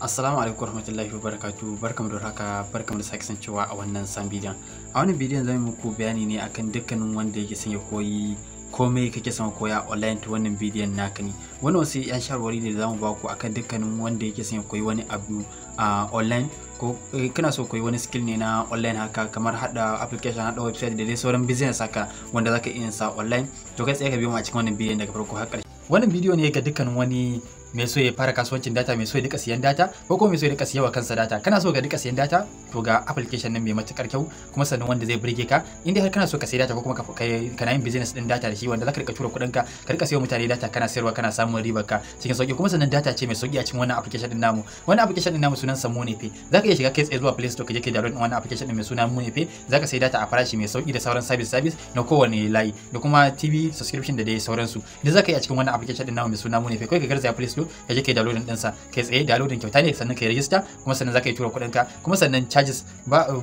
Assalamu alaikum warahmatullahi wabarakatuh barkamu da haka barkamu da sake sancewa a wannan san bidiyon a wannan bidiyon zan muku bayani ne akan dukkanin wanda yake son ya koyi komai kake son koya online to wannan bidiyon naka ne wannan wasu ya shawarwari ne da zamu baku akan dukkanin wanda yake son ya koyi wani abu a online ko eh, kana so koyi wani skill ne na online haka kamar hada application hada website da dai sauran business haka wanda zaka iya sa online to kai tsaye ka biyo mu a cikin wannan bidiyon daga farko har ƙarshe wannan bidiyo ne ga dukkan wani mai so ya fara kasuwancin data mai so ya dika siyan data ko kuma mai so ya dika siyawa kansa data kana so ga dika siyan data to ga application nan mai matukar kyau kuma sannan wanda zai burge ka in dai har kana so ka siya data ko kuma ka kana yin business din data da shi wanda zaka rika tura kuɗin ka ka rika siyo mutane data kana sayarwa kana samun ribar ka cikin sauki kuma sannan data ce mai sauki a cikin wannan application din namu wannan application din namu sunan sa Monepe zaka iya shiga kai tsaye zuwa Play Store ka je ka download wannan application din mai suna Monepe zaka sayi data a farashi mai sauki da sauran service service na kowane layi da kuma TV subscription da dai sauransu idan zaka yi a cikin wannan application din namu mai suna Monepe kai ka garzaya Play Store Q ka je kai downloading ɗinsa kai tsaye downloading kyauta ne sannan kai register kuma sannan zaka yi tura kuɗin ka kuma sannan charges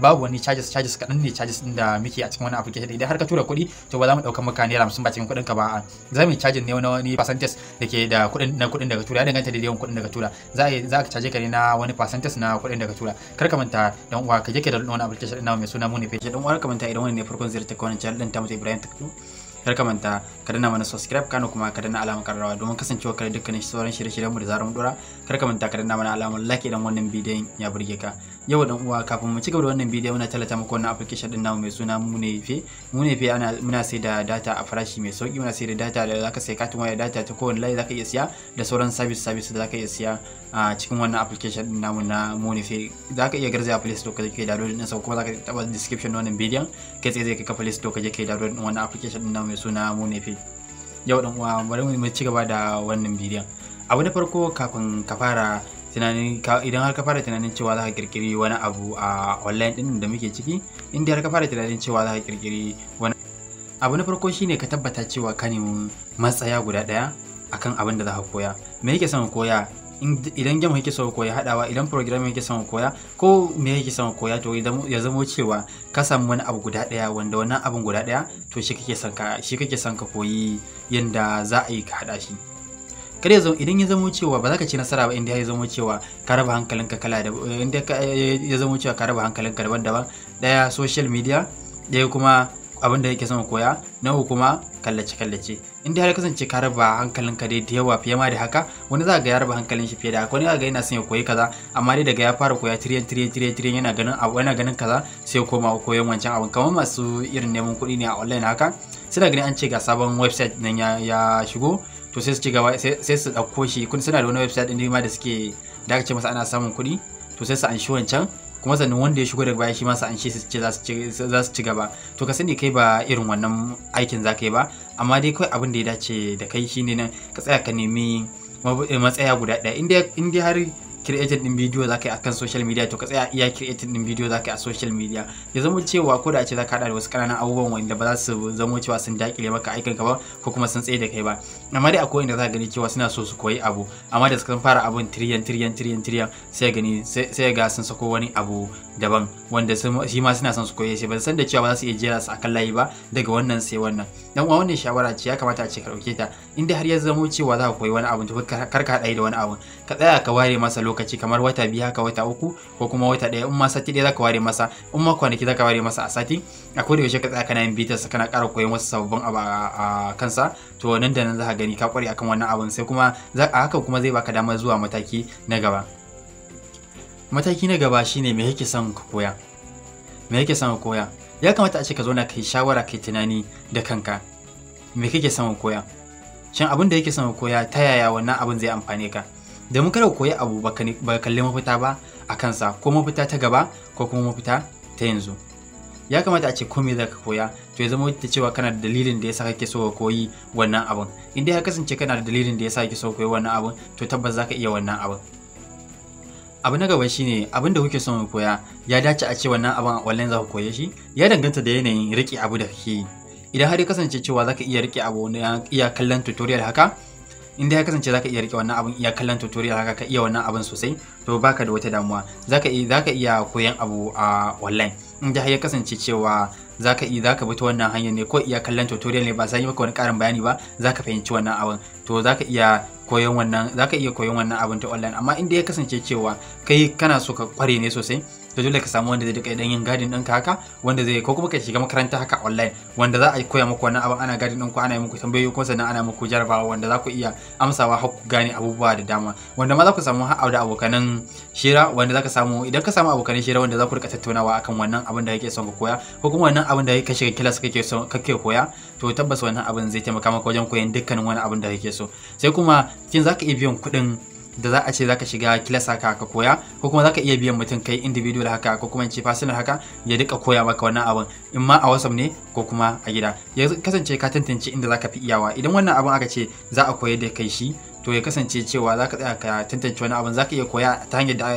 babu wani charges charges kaɗan ne charges ɗin da muke a cikin wannan application idan har ka tura kuɗi to ba za mu ɗauka maka naira hamsin ba cikin kuɗin ka ba a za mu yi charging ne wani wani percentage da ke da kuɗin na kuɗin daga tura ya danganta da yawan kuɗin daga tura za a za ka charge ka ne na wani percentage na kuɗin daga tura kar ka manta dan uwa ka je ka da wannan application ɗin mai suna Money Page dan uwa ka manta idan wani ne farkon ziyarta ka wannan channel ɗin ta mutu Ibrahim Takdu kar ka manta ka danna mana subscribe kana kuma ka danna alamar karrawa domin kasancewa kare dukkanin sauran shirye-shiryen mu da zarar mu dora kar ka manta ka danna mana alamar like idan wannan bidiyon ya burge ka yau dan uwa kafin mu cigaba da wannan bidiyo muna tallata muku wannan application din namu mai suna Munefe Munefe ana muna sai da data a farashi mai sauki muna sai da data da zaka sai katin waya data ta kowane layi zaka iya siya da sauran service service da zaka iya siya a cikin wannan application din namu na Munefe zaka iya garzaya Play Store kaje kai download din sa kuma zaka taba description wannan bidiyon kai tsaye kai kai Play Store kaje kai download din wannan application din namu mai suna Munefe yau dan uwa bari mu ci gaba da wannan bidiyon abu na farko kafin ka fara tunanin idan har ka fara tunanin cewa za ka kirkiri wani abu a online din da muke ciki inda har ka fara tunanin cewa za ka kirkiri wani abu na farko shine ka tabbata cewa ka nemi matsaya guda daya akan abin da za ka koya me yake son koya idan game yake son koya hadawa idan program yake son koya ko me yake son koya to ya zamo cewa ka samu wani abu guda daya wanda wannan abin guda daya to shi kake son ka shi kake son ka koyi yanda za a yi ka hada shi kar ya idan ya zamo cewa ba za ka ci nasara ba inda ya zamo cewa ka raba hankalinka kala da inda ya zamo cewa ka raba hankalinka daban-daban daya social media daya kuma abin da yake son koya na kuma kallace-kallace Inda har kasance ka raba hankalinka dai da yawa fiye ma da haka wani za ga ya raba hankalin shi fiye da haka wani za ga yana son ya koyi kaza amma dai daga ya fara koya tiriyan tiriyan tiriyan tiriyan yana ganin abu yana ganin kaza sai koma koyon wancan abin kamar masu irin neman kuɗi ne a online haka suna ganin an ce ga sabon website nan ya shigo to sai su ci gaba sai su ɗauko shi kun suna da wani website ɗin ma da suke da aka ce masa ana samun kuɗi to sai su shi wancan kuma sannan wanda ya shigo daga baya shi ma su shi su za su ci gaba to ka sani kai ba irin wannan aikin za ka yi ba amma dai kawai abin da ya dace da kai shine nan ka tsaya ka nemi matsaya guda ɗaya in har creating din bidiyo za ka yi akan social media to ka tsaya iya creating din bidiyo za ka yi a social media ya zama cewa ko da ce za ka hada da wasu ƙananan abubuwan wanda ba za su zama cewa sun dakile maka aikin ka ba ko kuma sun tsaye da kai ba amma dai akwai inda za ka gani cewa suna so su koyi abu amma da suka fara abun tiriyan tiriyan tiriyan tiriyan sai gani sai ga sun sako wani abu daban wanda shi ma suna son su koye shi ba san da cewa ba za su iya jera su akan layi ba daga wannan sai wannan dan uwa wannan shawara ce ya kamata a ce ka dauke ta inda har ya zama cewa za ka koyi wani abu to kar ka haɗa da wani abu ka tsaya ka ware masa lokaci kamar wata biyu haka wata uku ko kuma wata ɗaya in ma sati ɗaya za ka ware masa in ma kwanaki za ka ware masa a sati a koda yaushe ka tsaya kana yin bitar sa kana ƙara koyon wasu sababbin abu a kansa to nan da nan za ka gani ka ƙware akan wannan abun sai kuma a hakan kuma zai baka damar zuwa mataki na gaba mataki na gaba shine me yake son ka koya me yake son ka koya ya kamata a ce ka zo na kai shawara kai tunani da kanka me kake son ka koya shin abin da yake son ka koya ta yaya wannan abin zai amfane ka da mun kada koyi abu ba ka kalli mafita ba a kansa ko mafita ta gaba ko kuma mafita ta yanzu ya kamata a ce komai za ka koya to ya zama wata cewa kana da dalilin da ya sa kake so ka koyi wannan abin in dai ya kasance kana da dalilin da ya sa kake so ka koyi wannan abin to tabbas za ka iya wannan abin abu na gaba shi ne, abin da kuke son koya ya dace a ce wannan abin online za ku koye shi ya danganta da yanayin riƙe abu da kake yi idan har ya kasance cewa za ka iya riƙe abu na iya kallon tutorial haka in ya kasance za ka iya riƙe wannan abin iya kallon tutorial haka ka iya wannan abin sosai to baka da wata damuwa za iya iya koyan abu a online in har ya kasance cewa za ka iya za ka bi ta wannan hanyar ne ko iya kallon tutorial ne ba sai maka wani ƙarin bayani ba za ka fahimci wannan abin to zaka iya koyon wannan zaka iya koyon wannan abin ta online amma inda ya kasance cewa kai kana so ka kware ne sosai to dole ka samu wanda zai dinka dan yin gadin ɗinka haka wanda zai ko kuma ka shiga makaranta haka online wanda za a koya muku wannan abin ana gadin ɗinku ana yi muku tambayoyi kuma sannan ana muku jarabawa wanda za ku iya amsawa har ku gane abubuwa da dama wanda ma za ku samu har da abokanan shira wanda za ka samu idan ka samu abokanan shira wanda za ku rika tattaunawa akan wannan abin da kake son ka koya ko kuma wannan abin da kake shiga kilas kake son kake koya to tabbas wannan abin zai taimaka maka wajen koyan dukkanin wani abin da kake so sai kuma kin zaka iya biyan kuɗin da za a ce zaka shiga kilasa haka ka koya ko kuma zaka iya biyan mutum kai individual haka ko kuma in ce personal haka ya duka koya maka wannan abin in ma a WhatsApp ne ko kuma a gida ya kasance ka tantance inda zaka fi iyawa idan wannan abin aka ce za a koyar da kai shi to ya kasance cewa zaka tsaya ka tantance wani abin zaka iya koya ta hanyar da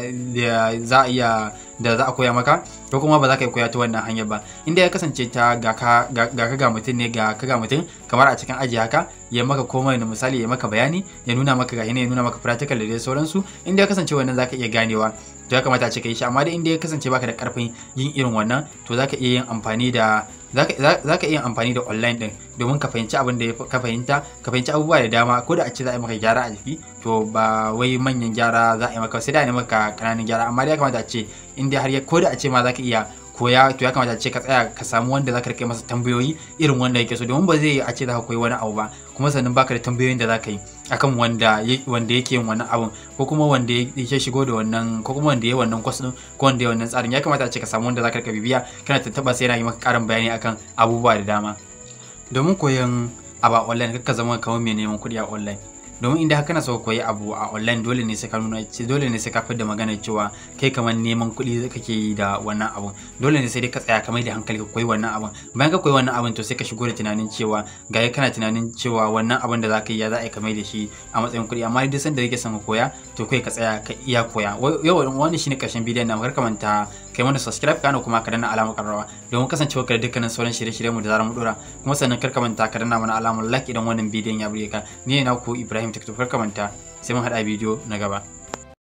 za a iya da za a koya maka ko kuma ba za ka koya ta wannan hanyar ba inda ya kasance ta ga ka ga ka ga mutum ne ga ka ga mutum kamar a cikin aji haka ya maka komai na misali ya maka bayani ya nuna maka ga ya nuna maka practical da sauransu inda ya kasance wannan zaka iya ganewa to ya kamata a ce ka yi shi amma dai inda ya kasance baka da karfin yin irin wannan to zaka iya yin amfani da zaka iya amfani da online din domin ka fahimci abin da ka fahimta ka fahimci abubuwa da dama ko da a ce za a yi maka gyara a jiki to ba wai manyan gyara za a yi maka sai da ne maka kananan gyara amma dai ya kamata a ce inda har ko da a ce ma zaka iya koya to ya kamata a ce ka tsaya ka samu wanda zaka rike masa tambayoyi irin wanda yake so domin ba zai a ce zaka koyi wani abu ba kuma sannan baka da tambayoyin da zaka yi akan wanda wanda yake yin wannan abun ko kuma wanda yake shigo da wannan ko kuma wanda ya wannan kwas din ko wanda ya wannan tsarin ya kamata a ce ka samu wanda zaka ka bibiya kana tantaba sai yana yi maka ƙarin bayani akan abubuwa da dama domin koyon aba online kakka zama kamar mai neman kuɗi a online domin inda haka na so koyi abu a online dole ne sai ka nuna ce dole ne sai ka fidda magana cewa kai kamar neman kuɗi kake yi da wannan abun dole ne sai dai ka tsaya ka mai da hankali ka koyi wannan abun bayan ka koyi wannan abun to sai ka shigo da tunanin cewa ga kana tunanin cewa wannan abun da zaka yi ya za a yi ka mai da shi a matsayin kuɗi amma duk sanda kake son ka koya to kai ka tsaya ka iya koya yau wani shine karshen bidiyon na kar ka manta kai mana subscribe kana kuma ka danna alamar karrawa domin kasancewa ka da dukkanin sauran shirye-shiryen mu da zaran mu dora kuma sannan kar ka manta ka danna mana alamar like idan wannan bidiyon ya bude ka ni ne na ku Ibrahim akan tiktok kar ka manta sai mun haɗa bidiyo na gaba